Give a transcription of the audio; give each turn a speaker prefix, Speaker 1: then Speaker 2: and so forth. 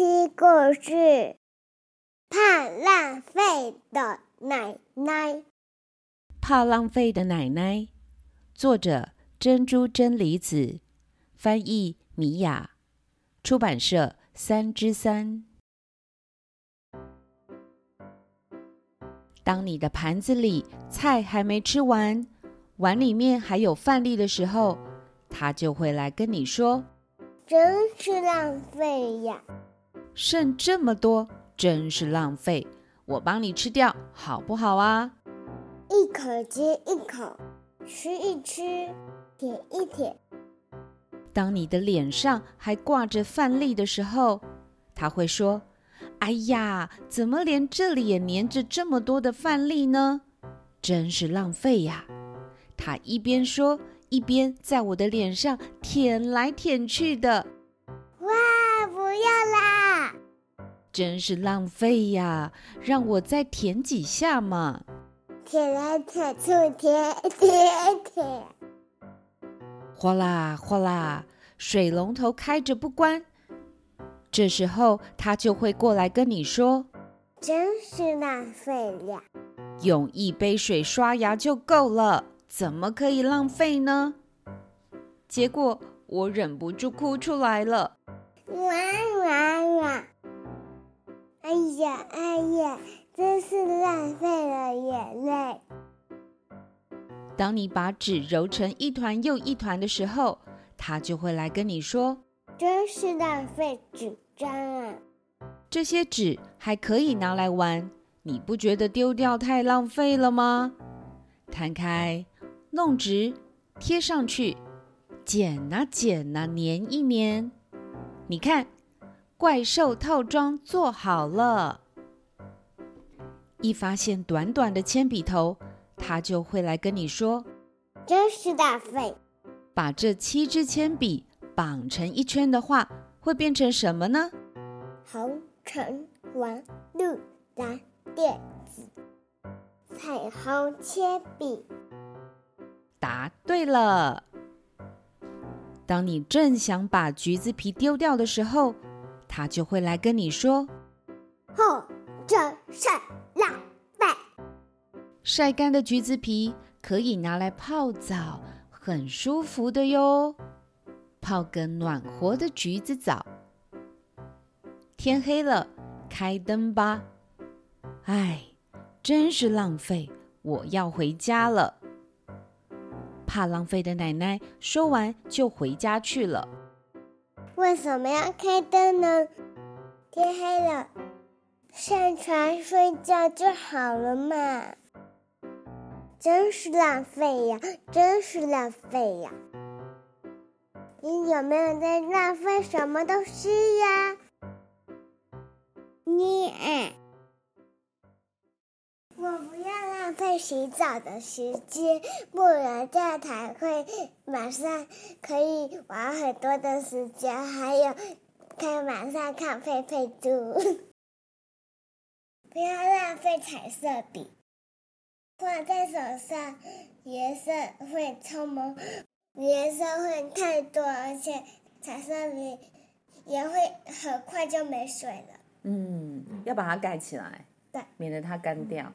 Speaker 1: 聽故事，《怕浪費的奶
Speaker 2: 奶》。怕浪費的奶奶，作者：真珠真理子，翻譯：米雅，出版社：三之三。當你的盤子裡菜還沒吃完，碗裡面還有飯粒的時候，他就會來跟你說：“真是浪
Speaker 1: 費呀！”
Speaker 2: 剩這麼多真是浪費，我幫你吃掉好不好啊？
Speaker 1: 一口接一口，吃一吃，舔一舔。
Speaker 2: 當你的臉上還掛着飯粒的時候，他會說：“哎呀，怎麼連這裡也粘着這麼多的飯粒呢？真是浪費呀！”他一邊說，一邊在我的臉上舔來舔去的。哇，不要啦！真是浪費呀！讓我再舔幾下嘛！
Speaker 1: 舔來舔去，舔舔舔。
Speaker 2: 嘩啦嘩啦，水龍頭開着不關，這時候他就會過來跟你說：“
Speaker 1: 真是浪費呀！”
Speaker 2: 用一杯水刷牙就夠了，怎麼可以浪費呢？結果我忍不住哭出來了。哇！呀，哎呀，真是浪費了眼淚。當你把紙揉成一團又一團的時候，它就會來跟你說：“真是浪費紙張啊！”這些紙還可以拿來玩，你不覺得丟掉太浪費了嗎？攤開，弄直，貼上去，剪吶、啊、剪吶、啊，粘一粘，你看。怪獸套裝做好了，一發現短短的鉛筆頭，它就會來跟你說：“真是大費。”把這七支鉛筆綁成一圈的話，會變成什麼呢？
Speaker 1: 紅橙黃綠藍靛紫，彩虹鉛筆。
Speaker 2: 答對了。當你正想把橘子皮丟掉的時候，他就會來跟你說：“哼，真是浪費！曬乾的橘子皮可以拿來泡澡，很舒服的喲。泡個暖和的橘子澡。天黑了，開燈吧。哎，真是浪費！我要回家了。怕浪費的奶奶說完就回家去了。”為什麼要
Speaker 1: 開燈呢？天黑了，上床睡覺就好了嘛。真是浪費呀！真是浪費呀！你有沒有在浪費什麼東西呀？你啊。我不要浪費洗澡的時間，不然這樣才會晚上可以玩很多的時間，還有可以晚上看佩佩豬。 不要浪費彩色筆，畫在手上，顏色會超萌，顏色會太多，而且彩色筆也會很快就沒水了。
Speaker 2: 嗯，要把它蓋起來，對，免得它乾掉。嗯